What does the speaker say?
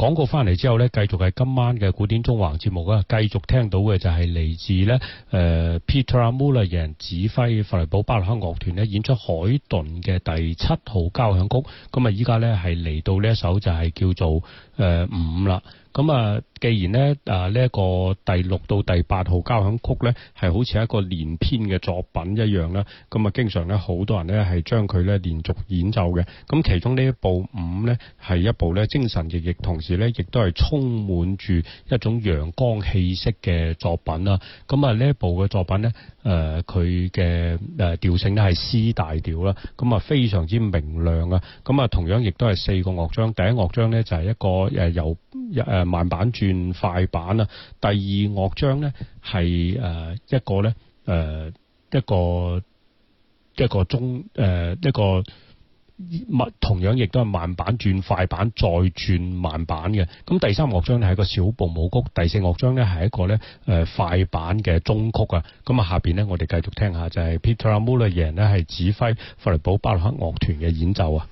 廣告翻嚟之後咧，繼續係今晚嘅古典中環節目啊！繼續聽到嘅就係嚟自咧誒、呃、Petre Mullejans 指揮法利堡巴洛克樂，樂團咧演出海頓嘅第七號交響曲。咁啊，依家咧係嚟到呢一首就係叫做。誒、呃、五啦，咁、嗯、啊，既然咧，誒呢一個第六到第八號交響曲咧，係好似一個連篇嘅作品一樣啦。咁、嗯、啊，經常咧好多人咧係將佢咧連續演奏嘅，咁、嗯、其中呢一部五咧係一部咧精神奕奕，同時咧亦都係充滿住一種陽光氣息嘅作品啦，咁啊呢一部嘅作品咧，誒佢嘅誒調性咧係 C 大調啦，咁啊非常之明亮啊，咁啊同樣亦都係四個樂章，第一樂章咧就係一個誒由誒慢板轉快板啊，第二樂章咧係誒一個咧誒、呃、一個一個，一個中誒、呃、一個。同樣亦都係慢板轉快板，再轉慢板嘅。咁第三樂章呢係個小步舞曲，第四樂章呢係一個呢誒快板嘅中曲啊。咁啊，下邊呢我哋繼續聽下就係 Petre Mullejans 呢係指揮佛利堡巴洛克樂團嘅演奏啊。